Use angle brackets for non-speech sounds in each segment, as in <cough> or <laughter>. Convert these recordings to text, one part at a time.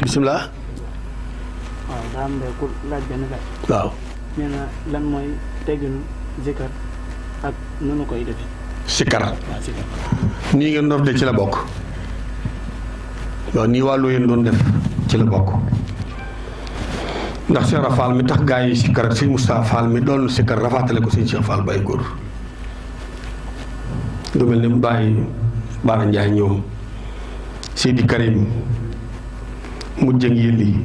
bisimilah. waaw daa waaw. nee lan mooy tegginu koy defee. sikar nii ngeen doon def ci la bokk waaw nii wàllu yéen doon def ci la bokk ndax Cheikh Rafal mi tax gaa yi sikar ak sëñ Moustapha mi doon sikar rafaatale ko sëñ Cheikh Fall Baye Góor du mel ni mu bàyyi Baara Ndiaye ñoom Seydi Karim mujj ak yéen lii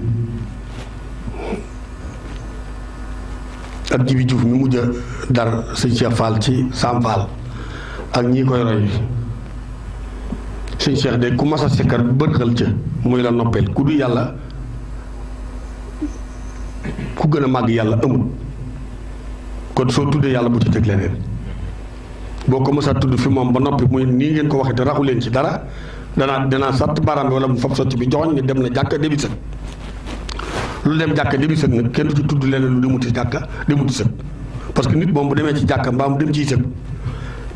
ak jibi juuf mi mujj dar sëñ Cheikh Fall ci Sam Fall ak ñi koy roy sëñ Cheikh de ku mas a sikkar bëtxal ca muy la noppel ku du yalla ku gëna mag yalla yàlla amul kon soo tuddee yàlla bu ci tek leneen boko massa tudd fi mom ba noppi muy ni ngeen ko waxe te raxu leen ci dara danaa danaa sàtt baaraam bi wala mu fab sotti bi joxoñ ne dem na jàkka debi sët lu dem jàkka bi sët nag kenn du ci tudd leneen lu demuti jàkka demuti sët parce que nit moom bu demee ci jàkka mbaa mu dem ciy sët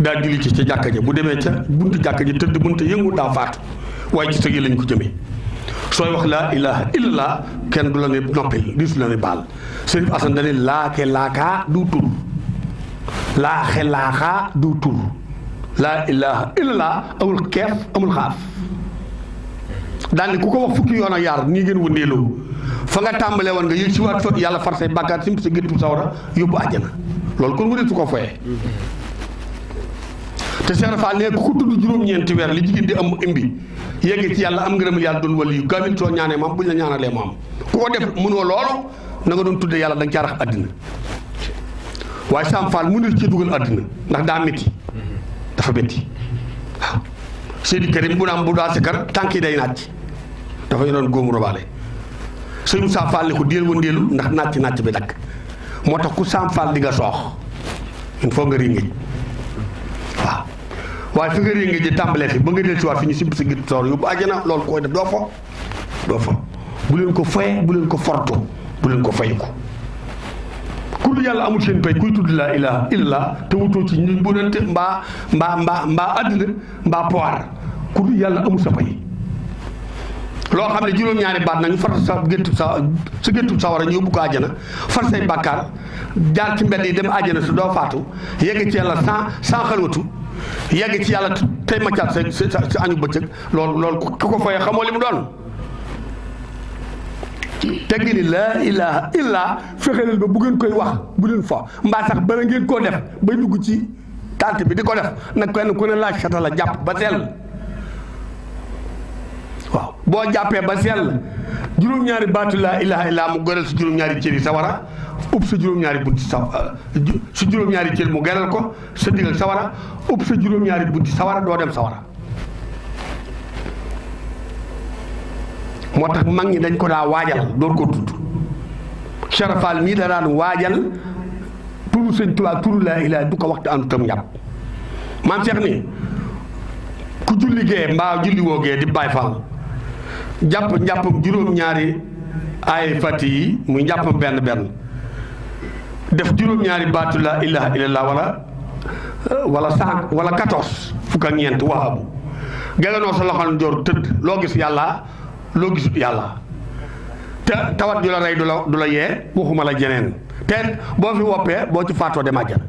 daa julli ci ca jàkka ja bu demee ca buntu jàkka ja tëdd mënta yëngu daa faatu waaye ci sëg yi lañ ko jëmee sooy wax laa ilaha illallah kenn du la ne noppil diisu la ne baal Sëriñ Asan dane laake laakaa du tur laaxe laaxaa du tur La ilaha illallah amul kef amul khaf. Dan ni kuko wax fukki yona yar ni nii ngeen fa nga tàmbalee won nga yëg ci wat fa yàlla far say sim ci gëttu sawra yóbbu aljana loolu kon tuko te Cheikh Rafa ko li di am imbi yegg ci yalla am yalla doon wali yu gaawil soo ñaanee mam buñ la ñaanalee mam kuko def mënoo loolu na nga doon tuddee yalla da nga caarax adina waaye Sam Fall mënul ci duggal adina ndax da metti alphabet yi waaw Seydi Karim bu naan bu daa sikar tànk yi day nàcc dafa yoroon góomu robaale sëñ Moussa Fall ne ko déel wa ndéelu ndax nàcc nàcc bi dakk moo tax ku saam Fall di nga soox il faut nga ringéej waaw waaye fi nga ringéej di tàmbalee fi ba nga del si waat fi ñu simb si git yóbbu àjjana loolu koy def doo fo doo ko fayee bu ko forto bu ko fayiku ku dul yàlla amul seen pay kuy tudd laa ilaha illallah te wutoo ci ñu bonante mbaa mbaa mbaa mbaa àddina mbaa pouvoir ku dul yàlla amul sa pay loo xam ne juróom-ñaari baat nañu far sa géntub sa sa géntub sawara ñu yóbbu ko àjjana far say bàkkaar jaar ci mbedd yi dem àjjana su doo faatu yegg ci yàlla sans sans xalwatu yegg ci yàlla tey maccaat sa sa sa añu bëccëg loolu loolu ku ko fayee xamoo li mu doon teggi ni laa ilaha illaa fexe ba bu ngeen koy wax bu leen fa mbaa sax bala ngeen koo def bay dugg ci tànt bi di ko def nag kenn ku ne laaj xeta la jàpp ba sell waaw boo jàppee ba sell juróom-ñaari baatu laa ilaha illaa mu gëral si juróom-ñaari cër yi sawara ub sa juróom-ñaari bunti sa euh, juróom-ñaari cër mu gëral ko sa digal sawara ub bunti sawara doo dem sawara motax mag ñi dañ ko daa waajal door ko tuddu sharafal mi da daan waajal turu sëñ tuba turu la ilaa du ko waxtu andu tam ñap man cheikh ni ku julli ge mba julli wo ge di bay fal japp japp juróom ñaari ay fati mu japp ben ben def juróom ñaari baatu la ilaha illallah wala wala sa wala 14 fukk ak ñeent waxabu gaganoo sa loxol joor tëdd loo gis yalla loo gisut yàlla te tawat ju la rey du la du la yee waxuma la jeneen te boo fi woppee boo ci faatoo de àjjana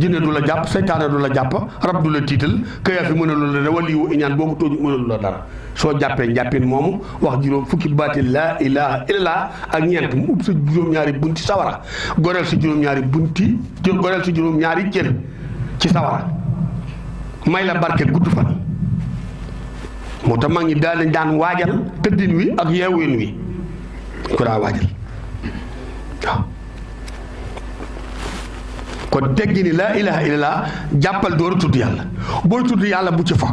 jinne du la jàpp seytaane du la jàpp rab du la tiital këyaa fi mënalu la dara waliyu iñaan boobu tooju mënalu la dara soo jàppee njàppin moomu wax juróom fukki baati laa ilaha ak ñeent mu ub sa juróom-ñaari bunti sawara goreel si juróom-ñaari bunti goreel si juróom-ñaari cër ci sawara may la barke gudd fa moo tax mag ñi daal lañ daan waajal tëddin wi ak yeewin wi ko daa waajal waaw kon teggi ni laa ilaha illallah jàppal door a tudd yàlla booy tudd yàlla bu ci fa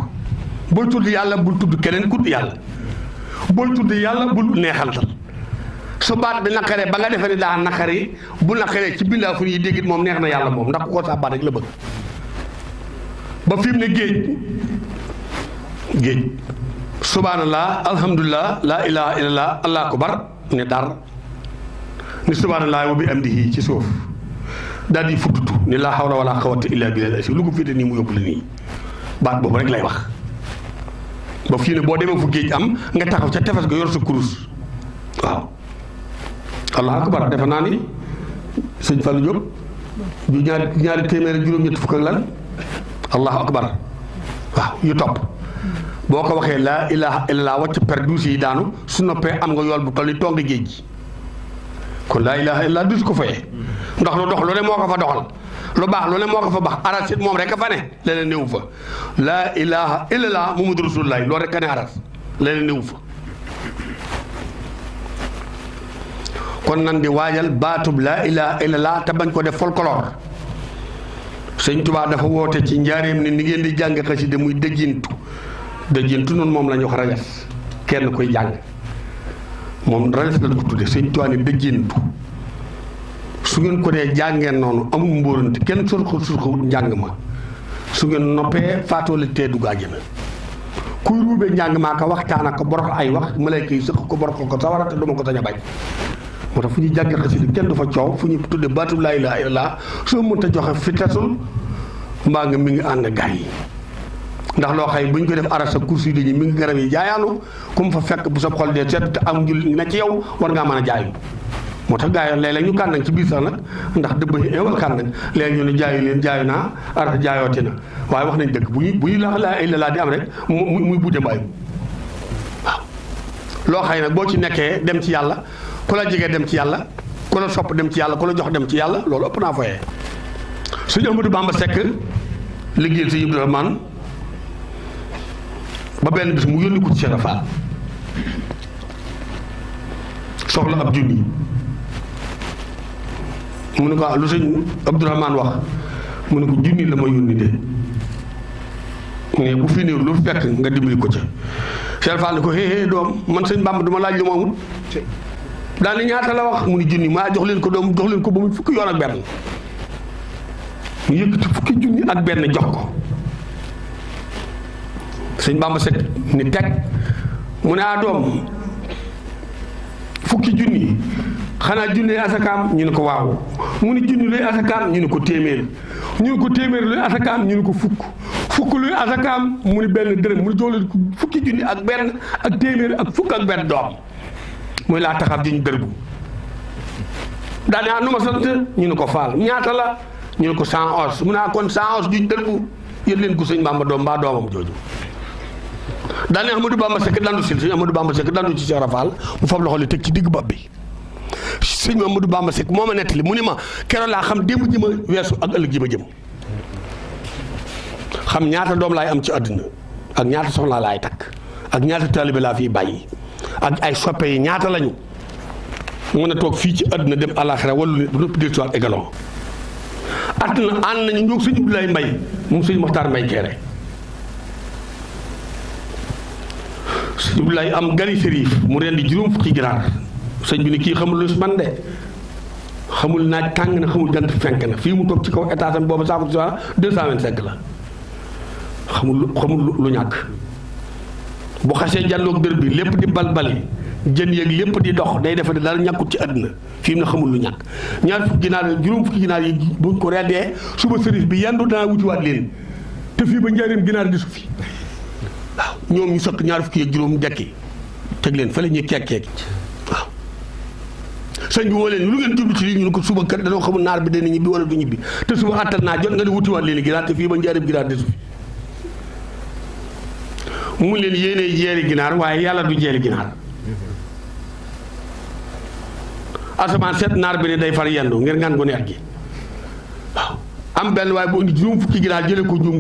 booy tudd yàlla bul tudd keneen kut yàlla booy tudd yàlla bul neexantal su baat bi naqaree ba nga defee ni daa naqari bu naqaree ci bindaafur yi déggit moom neex na yàlla moom ndax ku ko saa baat rek la bëgg ba fi ne géej géej subhanallah alhamdulillah la ilaha illallah allah akbar ne dar ni subhanallah wa bi amdihi ci suuf dal di fututu ni la hawla wala quwwata illa billah lu ko fete ni mu yobul ni baat bobu rek lay wax ba fi ne bo demé fu geej am nga taxaw ci tefas ga yor sa kurus waaw allah akbar defana ni seigne fallu job ju ñaari ñaari téméré juroom ñet fuk ak lan allah akbar waaw yu top boo ko waxee laa ilaha illallah wàcc per duus yi daanu su noppee am nga yool bu toll ni tongi géej gi kon laa ilaha illallah duus ko fayee ndax lu dox lu ne moo ko fa doxal lu baax lu ne moo ko fa baax aras it moom rek a fa ne leneen néew fa laa ilaha illallah muhammadu rasulullah loolu rek a ne aras leneen néew fa kon nan di waajal baatub laa ilaha illallah te bañ ko def folklore sëñ Tuubaa dafa woote ci njaareem ne ni ngeen di jàng xasida muy dëjjintu dajeentu noonu moom la ñu wax rajas kenn koy jàng moom rajas la ko tudde sëñ Tuubaa ne dajeentu su ngeen ko jàngeen noonu amul mbóorante kenn surxu surxu njàng ma su ngeen noppee faatoo la tee dugg àjjana kuy ruubee njàng maa ko waxtaan ak ko borox ay wax malaaka yi sëq ko borox ko sawara te duma ko sañ a bañ moo tax fu ñu jàngee xasida kenn du fa coow fu ñu tudde baatu laa ilaaha illallaah soo mënta joxe fitatul mbaa nga mi ngi ànd gaay yi ndax loo xay bu ñu ko def arasa course yi dañuy mi ngi garab yi jaayaanu ku mu fa fekk bu sa xol dee seet te am njul na ci yow war ngaa man a jaayu moo tax gars yi léeg-léeg ñu kànnañ ci biir sax nag ndax dëbb ewal kànnañ léegi ñu ne jaayu leen jaayu naa arasa jaayooti na waaye wax nañ dëkk bu ñu bu ñu la laa illa laa di am rek muy budde mbaayu waaw loo xay nag boo ci nekkee dem ci yàlla ku la jege dem ci yàlla ku la sopp dem ci yàlla ku la jox dem ci yàlla loolu ëpp naa foyee suñu Amadou Bamba Seck liggéeyal ba benn bis mu yónni ko ci Cheikh soxla ab junni mu ne ko ah, lu sëñ Abdourahmane wax mu ne ko junni la ma yónni de mais bu fi lu fekk nga dimbali ko ca Cheikh Fall ko hee hee doom man sëñ Bamba duma laaj lu ma amul daani ñaata la wax mu ni junni maa jox leen ko doom jox leen ko ba mu fukki yoon ak benn mu yëkkati fukki junni ak benn jox ko sëñ Bamba set ni teg mu ne ah doom fukki junni xanaa junni asakaam ñu ne ko waaw mu junni luy asakaam ñu ne ko téeméer ñu ko téeméer luy asakaam ñu ni ko fukk fukk luy asakaam mu ne benn dërëm mu ne fukki junni ak benn ak téeméer ak ak benn doom muy laa taxaw di ñu dërbu daanaka ñu ne ko faal ñaata la ko cent ah kon cent os leen ko sëñ Bamba doom mbaa doomam jooju. daal ne Amadou Bamba Seck dandu si sëñ Amadou Bamba Seck dandu ci Cheikh Rafal mu fab loxo li teg ci digg bopp bi sëñ Amadou Bamba Seck moo ma nettali mu ni ma keroog laa xam démb ji weesu ak ëllëg ji ma jëm xam ñaata doom laay am ci àddina ak ñaata soxna laay takk ak ñaata taalibe laa fiy bàyyi ak ay soppe yi ñaata lañu mën a toog fii ci àdduna dem àllaaxira wallu ne noppi dellusiwaat égalon àdduna ànd nañu ñoo sëñ Abdoulaye Mbaye moom sëñ Moxtaar Mbaye Kéré sëñ Abdoulaye am gali serif mu rendi juróom fukki ginaar seigne bi ni ki xamul lu man de xamul naaj tang na xamul gant fenk na fi mu tok ci kaw état tam boobu saaku si waa deux la xamul xamul lu ñak bu xasse jallok deur bi lepp di balbali jën yeeg lepp di dox day defe ne dara ñàkkut ci aduna fi na xamul lu ñak ñaar fukki ginaar juróom fukki ginaar yi buñ ko reddee suba serif bi yandu wuti wat leen te fi ba ñaarim ginaar gisu fi waaw ñoom ñu sëq ñaar fukki ak juróom dekki teg leen fële ñu kekk keek waaw sëñ bi woo leen lu ngeen jublu ci lii ñu bi dana ñibbi wala du te suba attan naa jot nga di wutiwaat leen ginaar te fii ba njaarib ginaar desu fi mu leen yéenee jeeri ginaar waaye yàlla du jeeri ginaar asamaan seet naar bi ne day far yendu ngir ngaan gone at gi waaw am benn waaye bu juróom fukki ginaar jële ko juum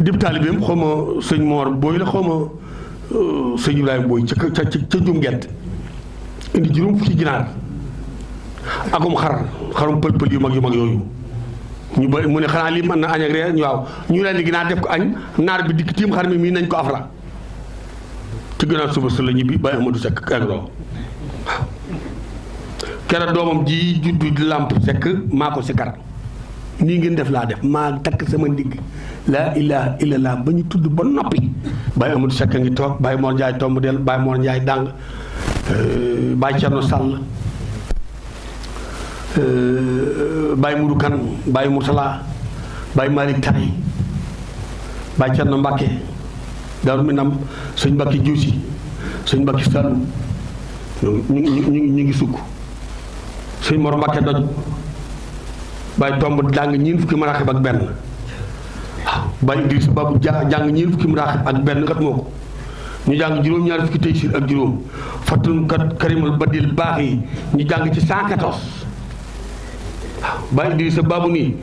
dib taalibeem xaw ma sëñ Mor Boy la xaw ma euh, sëñ Ibrahima Boy ca ca ca jum gett indi juróom fukki ginaar akum xar xarum pël-pël yu mag yu mag yooyu ñu ba mu ne xanaa lii man na añ ak reer ñu waaw ñu leen di ginaar def ko añ naar bi dikk tiim xar mi mii nañ ko afra ci ginnaaw suba sa la ñibbi bàyyi Amadou Seck waaw keroog doomam ji juddu di làmp Seck maa ko si kar ni ngeen def la def ma tak sama ndig la ilaha illallah ba ñu tudd ba nopi bay amadou sekk ngi tok bay mor njaay tomb del bay mor dang euh bay cerno euh bay mudu kan bay murtala bay malik tay bay cerno mbàkke daru minam suñ mbàkki juusi suñ mbàkki sall ñu ngi sukk suñ mor mbàkke doj bay tomb jàng ñeen fukki maraxib ak benn bay idris babu jàng ñeen fukki maraxib ak benn kat moko ñu jàng juróom ñaar fukki taysir ak fatum kat karimul badil baaxi ñu jàng ci 114 bay idris babu ni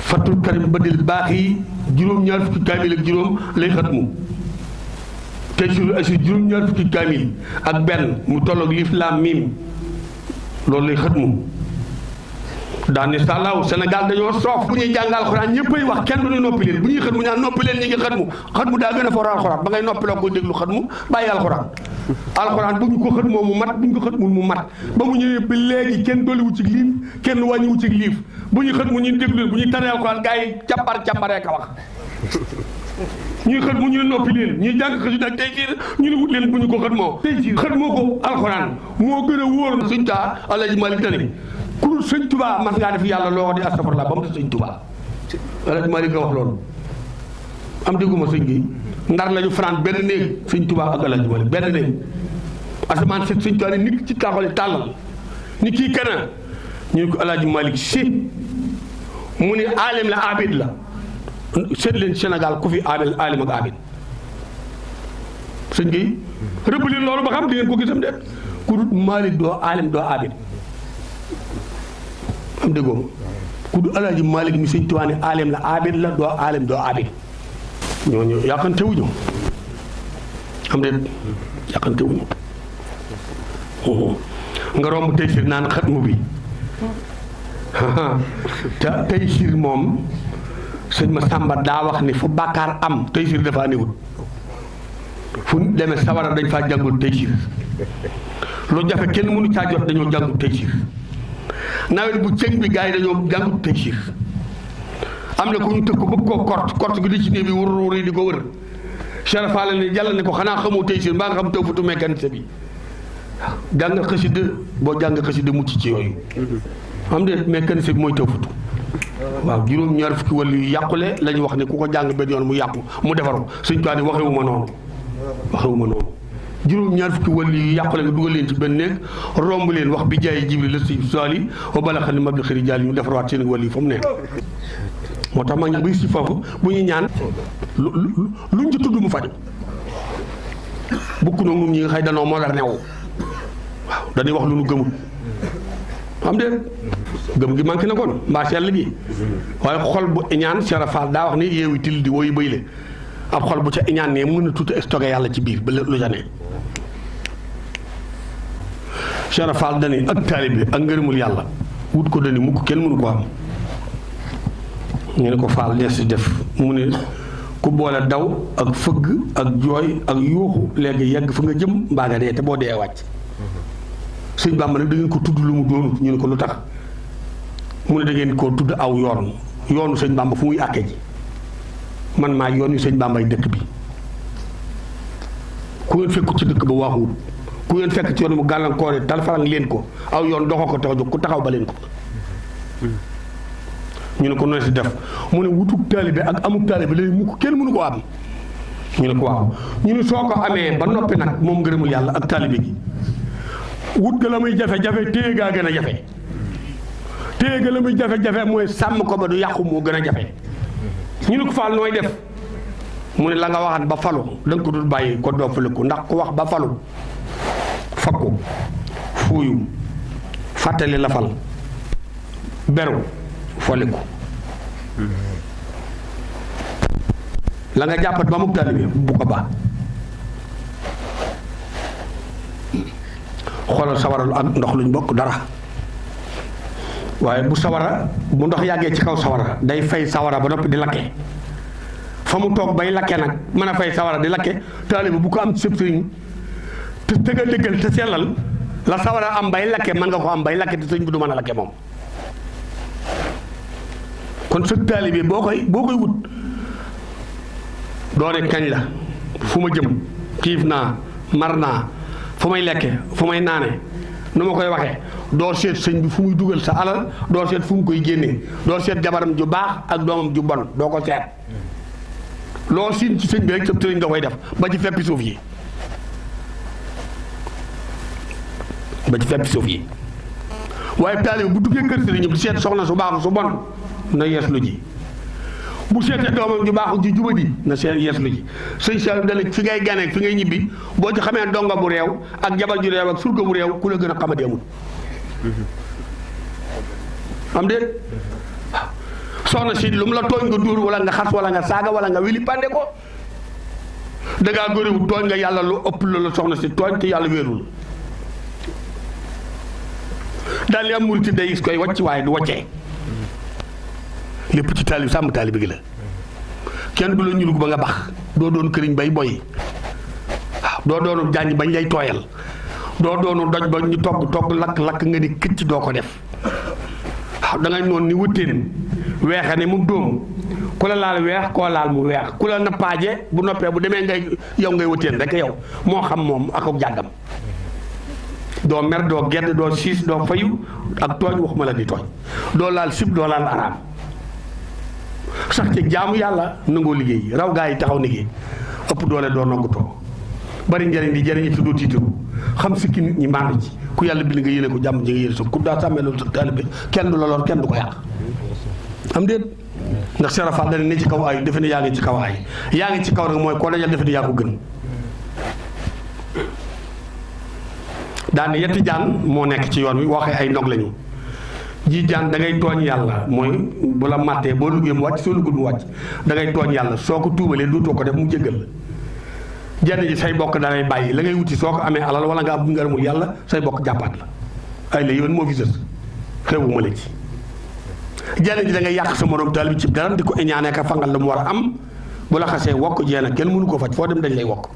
fatul karim badil baaxi ñaar fukki kamil ak lay ñaar fukki kamil ak mu tolok lif lam mim lay daan ni sàllaaw Sénégal dañoo soof bu ñuy jàng alxuraan ñëppay wax kenn du ne noppi leen bu ñuy xët mu ñaan noppi leen ñi ngi xët mu xët mu daa gën a for alxuraan ba ngay noppiloo ko xët moo mu mat bu ñu ko xët mul mu mat ba mu ñëwee ba léegi kenn dolliwu ci liif kenn wàññiwu ci liif bu ñuy xët mu ñuy déglu bu ñuy taree alxuraan gars yi capar caparee ka wax ñuy xët mu ñu ne noppi leen ñuy jàng xasida ñu ne leen bu ñu ko xët moo tey jii xët ko alxuraan moo gën a wóor suñ taa alaji malik tani ku dul sëñ tubaa ah, mas ngaa def yàlla loo di astafurlah ba mu def sëñ tubaa wala maa leen wax loolu am dégguma sëñ gi ndar lañu fanaan benn néeg sëñ tubaa ak alaaj malik benn néeg asamaan sëñ tubaa ni nit ci taaxoole tàllal ni kii kana ñu ko alaaj malik si mu ni aalim la abid la seet leen Sénégal ku fi aabil ak abid sëñ gi rëbb leen loolu ba xam di ko gisam de ku dul malik doo aalim doo abid am déggoo ma ku du alaaji Malick mi sëñ Tuubaa ne la aabid la doo aalim doo aabid ñooñu yàqante wuñu am déet yàqante oh, nga romb Taysir naan xatmu bi <laughs> te Taysir moom sëñ ma Sàmba daa wax ni fu bàkkaar am Taysir dafa newut fu demee sawara dañ faa jàngul Taysir lu jafe kenn mënu caa jot dañoo jàngul Taysir nawet bu cëñ bi gars yi dañoo jàngut tëysir am na ko ñu tëkk bëgg koo kort kort gi di ci néeg bi wur wur yi di ko wër sarafaale ni jàll ne ko xanaa xamoo tëysir mbaa nga xam taw futu mécanicien bi jàng xasida boo jàng xasida mucc ci yooyu am de mécanicien bi mooy taw futu waaw juróom ñaar fukki wàll yu yàqule la ñu wax ne ku ko jàng benn yoon mu yàqu mu defar ko suñ ko ni waxewuma noonu waxewuma noonu jurum ñaar fukki wali yu yàqule nga leen ci ben néeg romb leen wax bi jaay jibril la sey sali wa balaxa ni mabli xëri jaal ñu defaraat seen wali fam mu motax ma tax ngi bay ci fofu bu ñu ñaan luñ ci tuddu mu faj bukk no ngum ñi xay xay mo dar neew waaw dañuy wax lu gëmul am de gëm gi manki na kon mbaa sell gi way xol bu ñaan sera faal wax ni yeewi til di woyu ab xol bu ca ñaan ne mën na stocké yalla ci biir ba lu ja Cheikh Fall dani ak taalibe ak ngërëmul yàlla ko dani mukk kenn mënu ko ko Fall des di def mu boole daw ak fëgg ak jooy ak yuuxu léegi yegg fa nga jëm mbaa te boo dee wàcc sëñ Bàmba nag da ko tudd lu mu doonut ñu ne ko lu tax mu ne da ngeen koo tudd aw yoon yoonu sëñ Bàmba fu muy àkke ji man maa yoon yu sëñ Bàmbay dëkk bi ku ngeen fekku ci dëkk ba waaxuwut ku ngeen fekk ci yoon mu gàllankoore talfarang leen ko aw yoon doxoo ko tax jóg ku taxaw ba leen ko ñu ne ko noonu si def mu ne wutuk taalibe ak amuk taalibe léegi mu ko kenn mënu ko am ñu ne ko waaw ñu ne amee ba noppi nag moom ngërëmul yàlla ak taalibe gi wut muy jafe-jafe téye gën a jafe téye ga jafe-jafe mooy sàmm ko ba du yàqu moo gën a jafe ñu ne ko faal nooy def mu ne la nga waxaat ba falu da nga ko dul bàyyi ko doo fële ko ndax ku wax ba falu fakku fuyum, fàttali lafal beru foliku la nga jappat ba mug taalibe bu ko ba xoolal sawaral ak ndox luñ bok dara waye bu sawara bu ndox yagge ci kaw sawara day fay sawara ba nopi di lakke famu tok bay lakke nak mana fay sawara di lakke taalibe bu ko am sëb serigne te tëgal dëggal te sellal la sawara am bay lakke mën nga ko am bay lakke te sëñ bi du mën a lakke moom kon sëg taalibe boo koy boo koy wut doone kañ la fu ma jëm xiif naa mar naa fu may lekke fu may naane nu ma koy waxee doo seet sëñ bi fu muy dugal sa alal doo seet fu mu koy génnee doo seet jabaram ju baax ak doomam ju bon doo ko seet loo siin ci sëñ bi rek sëb nga koy def ba ci feppi suuf yi ba ci fépp suuf yi waaye taalibe bu duggé kër sëriñu bu sét soxna su baax su bon na yes lu ji bu seetee doom ju baax juma di na sét yes lu ji sëñ Saalum dal fi ngay gané fi ngay ñibbi bo ci xamé donga bu réew ak jabal ju réew ak surga bu réew ku la gëna a xamadi am déet soxna si lu mu la toñ nga dur wala nga xas wala nga saga wala nga wili pandé ko dangaa góoriwu toñ nga yalla lu upp lu la soxna si toñ te yalla wërul daal li am murit day gis koy wàcc waaye du wàccee lépp ci taalib sàmm taalib gi la kenn du la ñuul ba nga bax doo doon këriñ bay boy waaw ah, doo doonu jànj bañ lay tooyal doo doonu doj ba ñu togg togg lakk lakk nga ni këcc doo ko def waaw ah, da ngay ni wëttéen weexe ne mu dóom ku la laal weex koo laal mu weex ku la nappaaje bu noppee bu demee ngay yow ngay wëttéen rek yow moo xam moom ak jàggam doo mer doo gedd doo siis doo fayu ak tooñ waxuma la di tooñ doo laal sib doo laal araam sax ci jaamu yàlla nangoo liggéey raw gaa yi taxaw liggéey ëpp doole doo noggutoo bari njëriñ di jëriñu tuddoo tiitaru xam sikki nit ñi maandu ci ku yàlla bi li nga yéene ko jàmm ji nga yéene sa ku daa sàmmee loolu sa taalibe kenn du la lor kenn du ko yàq am déet ndax Serapha dana ne ci kaw ay defe ne yaa ngi ci kaw ay yaa ngi ci kaw rek mooy koo dajal defe ne yaa ko daan yetti jaan mo nekk ci yoon wi waxe ay ndog lañu ji jaan da ngay togn yalla moy bu la maté bo lu gem wacc solo duggul mu wàcc da ngay togn yalla soko tuubale tuubalee duutoo ko def mu jéggal jenn ji say bokk da lay bayyi la ngay wuti soko amé alal wala nga am ngërëmul yàlla say bokk jappat la ay la yoon mo fi sës xewuma la ci jenn ji da ngay yak sa morom talib ci dara diko ko ka fangal la mu war am bu la xasse wokk jeena kenn mënu ko fajj fo dem dañ lay wokk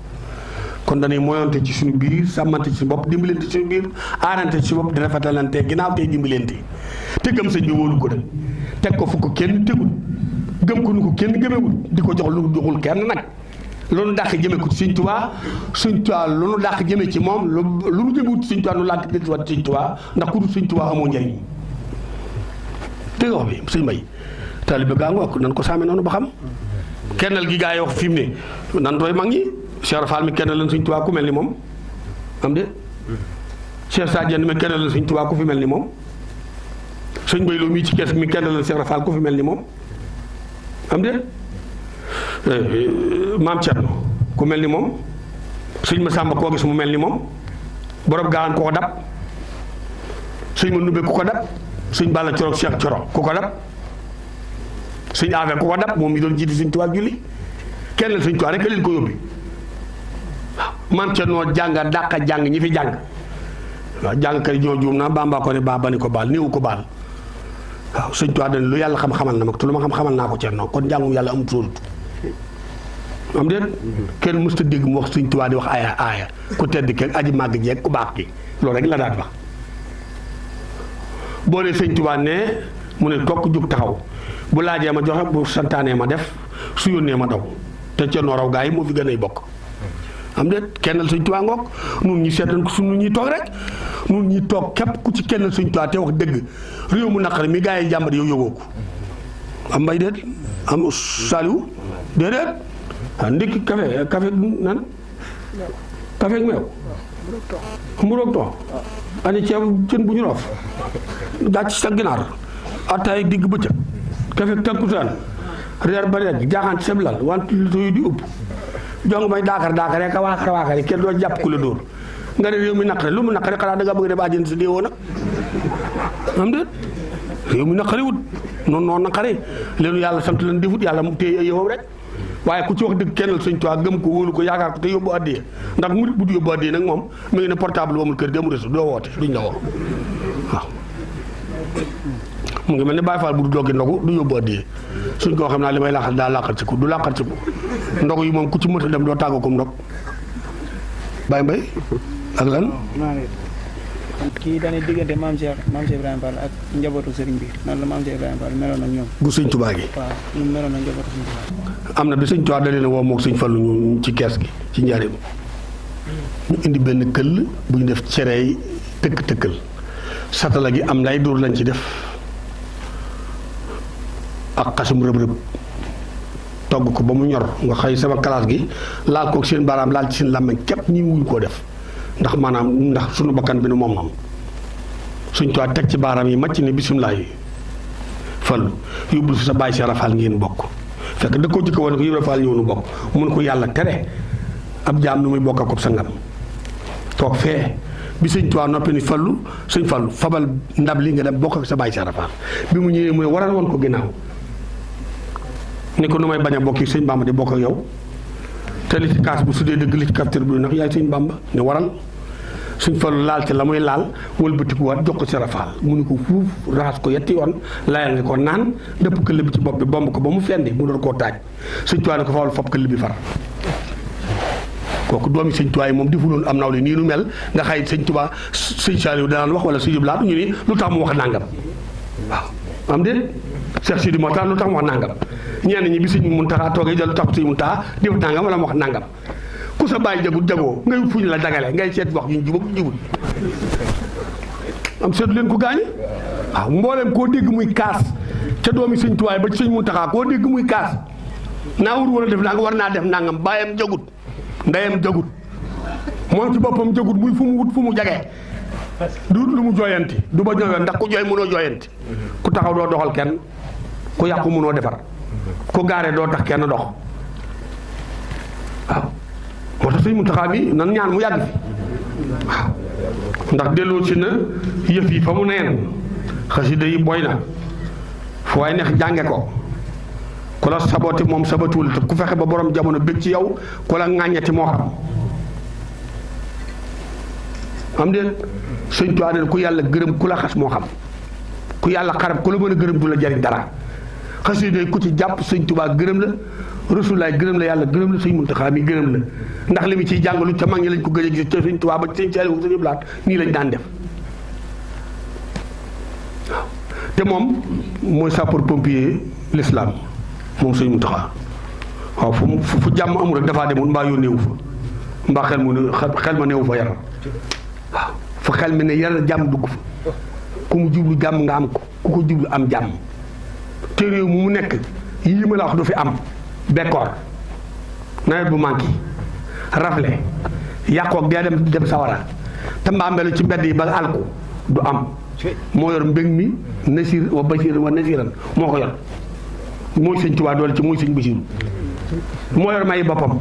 kon dañuy moyonte ci suñu biir sàmmante ci suñu bopp dimbalante ci suñu biir aarante ci suñu bopp di rafetalante ginnaaw tey dimbalante te gëm sa bi ko de teg ko fu ko kenn tegul gëm ko nu ko kenn gëmewul di ko jox lu joxul kenn nag lu nu dàq ko Sëñ Tuubaa Sëñ Tuubaa lu nu dàq ci moom lu lu nu jëmewut Sëñ Tuubaa nu làkk dëtuwaat Sëñ Tuubaa ndax ku dul Sëñ Tuubaa amoo njëriñ dégg nga wax bi sëñ Mbay taalibe gaa ngoog nan ko sàmmee noonu ba xam kennal gi gaa yi wax fi ne nan doy mag ñi Cheikh Rafal mi kenn leen Sëñ Tuubaa ku mel ni moom am de Cheikh Sadio mi kenn leen Sëñ Tuubaa ku fi mel ni moom sëñ Baylo mii ci kees mi kenn leen Cheikh Rafal mel ni moom am de eh, maam Thierno ku mel ni moom sëñ ma Sàmba koo gis mu mel ni moom borom gaawaan ku ko dab sëñ ma nubbe ku ko dab suñ Balla Coro Cheikh Coro ku ko dab sëñ Afe ku ko dab moom mi doon jiiti Sëñ Tuubaa julli kenn leen Sëñ Tuubaa rek leen ko yóbbi man ca noo jànga dàqa jàng ñi fi jàng waaw jàng kay ñoo juum naa bàmbaa ko ne baa bani ko baal néewu ko baal waaw sëñ Tuubaa dañ lu yàlla xam-xamal na ma te lu ma xam-xamal naa ko Cerno kon njàngum yàlla amut sóorutu am déet kenn mësta dégg mu wax sëñ tuwaa di wax aaya aaya ku tedd ki aji màgg jeeg ku baax ki loolu rek la daan wax boo ne sëñ Tuubaa ne mu ne tokk jub taxaw bu laajee ma joxe bu santaanee ma def su yónnee ma daw te Cerno raw gaa yi moo fi gën ay bokk am de kennal seigne touba ngok nun ñi sétal ko suñu ñi tok rek nun ñi tok kep ku ci kennal seigne touba te wax deug rew mu nakar mi gaay jambar yow yoboko am bay am salu dedet andik ah, kafe kafe nan kafe mew murok to ani ci jën buñu rof da ci sa ginar atay digg bëcc kafe takutan reer bari jaxan seblan want lu di upp jong may daakar daakar rek a waakar waakar kenn doo jàpp ku la dóor nga ne réew mi naqare lu mu naqare xanaa da nga bëgg a def àjjana si déewoo nag am déet réew mi naqare wut noonu noonu naqare leenu yàlla sant leen defut yàlla mu téye yowam rek waaye ku ci wax dëgg kennal sëñ Tuubaa gëm ko wóolu ko yaakaar ko te yóbbu addiyee ndax mu bu yóbbu addiyee nag moom mu ngi ne portable bu amul kër gi amul mel ni Baay Faal bu du doggi ndogu du yóbbu addiyee suñ ko xamna limay laxal da laxat ci làqatiku du làqatiku ndog yu mom ku ci mënta dem do tagu ko ndog bay mbay ak lan ki dañuy digënté mam Cheikh mam Cheikh ibrahim Fall ak njabotu serigne bi nan la mam Cheikh ibrahim Fall meloon ak ñoom gu serigne touba gi wa ñu meloon ak njabotu serigne touba amna bi serigne touba da leen wo moog serigne fallu ñu ci kess gi ci mu ñu indi benn keul bu ñu def cerey tëkk tëkkal satala gi am lay dur lañ ci def ak xasum reub reub togg ko ba mu ñor nga xey sama classe gi laal ko seen baram laal ci seen lamme kep ñi wuñ ko def ndax manam ndax sunu bakkan bi nu mom mom suñ tuwaa tek ci baram yi macc ni bismillah fal fallu yóbbul fi sa baye rafal ngeen bokk fekk da ko jikko won ko yóbbu rafal ñu nu bokk mun ko yalla téré am jaam nu muy bokk ak sa ngam toog bi seigne tuwaa nopi ni fallu seigne fallu fabal ndab li nga dem bokk ak sa baye si rafal bi mu ñewé moy waral won ko ginaaw ne ko numay baña bokki seigne bamba di bokk ak yow te li ci kaas bu sude deug li ci capteur bu nak yaay seigne bamba ne waral suñ fallu laal ci la muy laal wat jox ko ci rafal mu ko fuuf ras ko yetti won layal ni ko nan depp ke lebi ci bop bi bomb ko bamu fendi mu dor ko taaj seigne tuwa ko fawal fop ke lebi far doomi seigne tuwaay mom difulon am nawle ni nu mel nga xay tuwa seigne sëñ da lan wax wala seigne laatu ñu ni lu wax nangam waaw am deet cheikh sidi mota lutax tax wax nangam ñen ñi bi sëñ mun taxaa toogee jël tax sëñ mun di wax nangam wala wax nangam ku sa bàyyi jagul jagoo ngay fuñ la dagalé ngay sét wax ñu jubag jubul am sét leen ko gañ waaw mbolem ko dégg muy kaas ca doomi sëñ tuwaay ba sëñ mun ko dégg muy kaas na wut wala def nangam war naa def nangam bayam jagut ndayam jagut moom ci bopam jagut muy fumu wut fumu mu jagee du lu mu joyanti du ba ñëwoon ndax ku jooy mënoo joyanti ku taxaw do doxal kenn ku yàqu mënoo defar ku gaare doo tax kenn dox waaw moo tax suñ Muntaxa bi nan ñaan mu yàgg fi ndax delloo si na yëf yi fa mu neen xasida yi boy na foo waay neex jànge ko ku la sabooti moom sabatuwul te ku fexe ba borom jamono bëgg ci yow ku la ŋàññeti moo xam am déet suñ tuwaa ku yàlla gërëm ku la xas moo xam ku yàlla xarab ku la mën a gërëm du la jariñ dara xasida ku ci jàpp sëñ Tuubaa gërëm la Rasulaay gërëm la yàlla gërëm la sëñ Muntaxaa mi gërëm la ndax li mu ciy jàngalu ca mag ñi lañ ko gëj a gis ca sëñ Tuubaa ba lañ daan def te moom mooy sapeur pompier lislaam moom sëñ Muntaxaa waaw fu mu fu jàmm amul rek dafaa demul mbaa yónnee fa mbaa xel mu ne xel ma neewu fa yaram waaw fa xel mi ne yaram jàmm dugg fa ku mu jublu jàmm nga am ko ku ko jublu am jàmm te réew mu nekk yii ma la wax du fi am bekkoor nawet bu manqué rafle yàqoog dee dem dem sawara te ci mbedd yi ba alku du am moo yor mbég mi nasir wa basir wa nasiran moo ko yor mooy sëñ Tuubaa doole ci mooy sëñ Basiru moo yor may boppam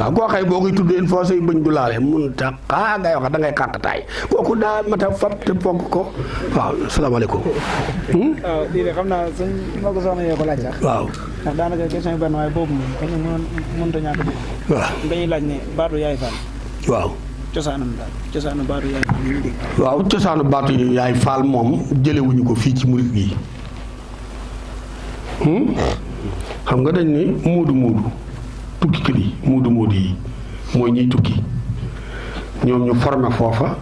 waaw koo xëy boo koy tudd il faut say bëñ du laale mun tax xaa ngay wax da ngay xàqtaay kooku daa mat fab te fonk ko waaw salaamaaleykum. Hmm? waaw lii de xam naa ko soxna yee ko laaj waaw laaj ne baatu yaay Fall. waaw. cosaanam daal cosaanu baatu yaay Fall moom jëlewuñu ko fii ci murit gi. Hmm? xam nga dañ ni muudu muudu. tukki kadi mudu modi yi mooy ñiy tukki ñom ñu formé fofa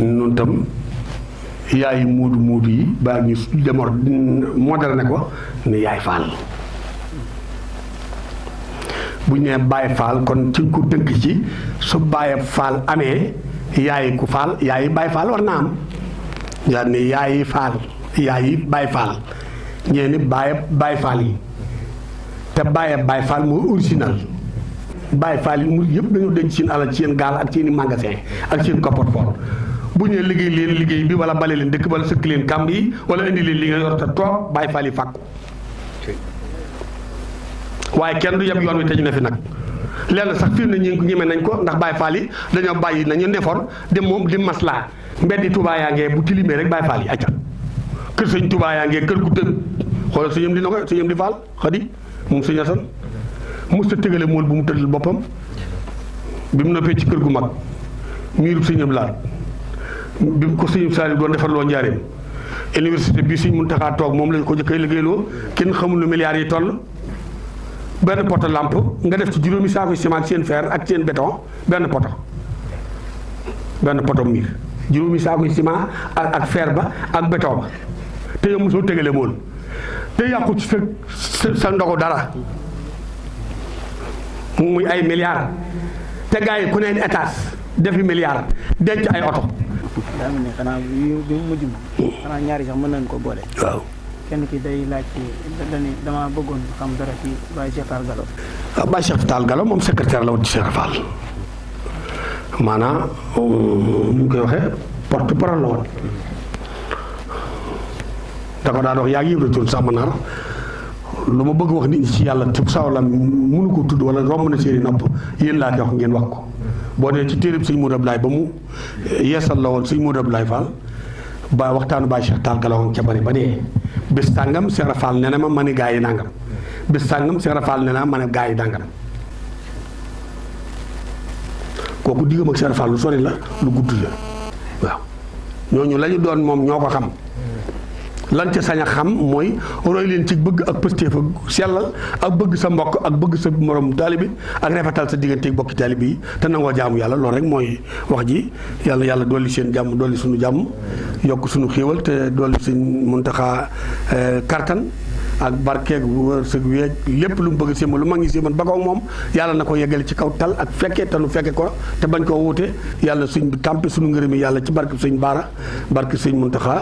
nun tam yaay muudu muudu yi ñu demor modal ne ko ne yaay faal bu ñe kon ci ku dënk ci su bàyyi faal amé yaay ku faal yaay bàyyi faal war na am ya ne yaay faal yaay faal ñene yi te bàyyam Baye Fall moo original Baye Fall yi murid yëpp dañoo denc seen alal ci seen gaal ak seen i magasin ak seen coffre-fort bu ñëwee liggéey leen liggéey bi wala bale leen dëkk wala sëkk leen kàmb yi wala indi leen li nga yor te toog Baye Fall yi fàkku waaye kenn du yab yoon wi te ñu ne fi nag lenn sax fi mu ne ñu ñeme nañ ko ndax Baye Fall yi dañoo bàyyi nañu ndefoon dem moom di maslaa mbeddi Touba yaa ngee bu tilimee rek Baye Fall yi acca kër sëñ Touba yaa moom sëñ Asan mos ta tëgale mool bu mu tëddal boppam bi mu noppee ci kër gu mag miirub sëñ Abdu Lahat bi mu ko sëñ Saliou doon defar loo njaareem bi suñ sëñ Muntaxa toog moom lañ ko jëkkee liggéeyloo kenn xamul lu milliards yi toll benn poto làmp nga def ci juróomi saako ciment ak seen fer ak seen béton benn poto benn poto miir juróomi saako ciment ak ak fer ba ak béton ba te yow mosoo tëgale mool te yàqu ci fekk sa ndogu dara muy ay milliard te gaay ku neen étage defi milliard denc ay auto daa bi ñaari sax mën nañ ko waaw kenn ki day dama bëggoon xam dara ci Cheikh Galo ah, Cheikh Galo secrétaire euh, sama luma bëgg wax nit ñi ci yàlla te sawla mënu ko tudd wala romb na seeni nopp yeen la ci wax ngeen wax ko bo dee ci terib seigne mourad Laay ba mu yeesal la seigne mourad Mourab Laay Fall ba waxtanu ba Cheikh Tall won ci bari ba dee bés sàngam Cheikh Rafal nee ma mané gaay nangam bis sàngam Cheikh Rafal nee mané gaay dangam koku digam ak Cheikh Rafal lu sori la lu guddu la waaw ñoñu lañu doon mom ñoko xam lan ca sañ a xam mooy roy leen ci bëgg ak pëstéef ak sellal ak bëgg sa mbokk ak bëgg sa morom taalibi ak rafetal sa digganteeg bokki taalibi yi te nangoo jaamu yàlla loolu rek mooy wax ji yàlla yàlla dool dolli seen jàmm dolli suñu jàmm yokk suñu xéewal te dool dolli suñ muntaxaa eh, kartan ak barkeeg wërsëg weeg lépp lu mu bëgg sima lu ma ngi siman ba koog moom yàlla na ko yeggale ci kaw tal ak fekkee te nu fekke ko te bañ koo wuute yàlla suñ bi suñu ngërëm yi yàlla ci barke suñ baara barke suñ muntaxa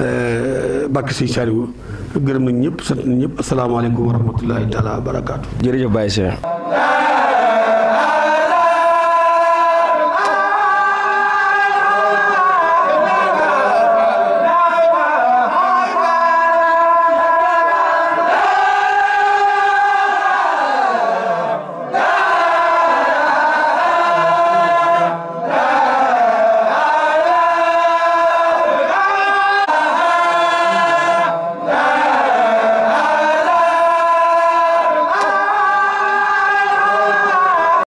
eh, barke suñ sariwu gërëm nañ ñëpp sant nañ ñëpp asalaamaaleykum wa rahmatullahi taala barakaatu jërëjëf Baye Cheikh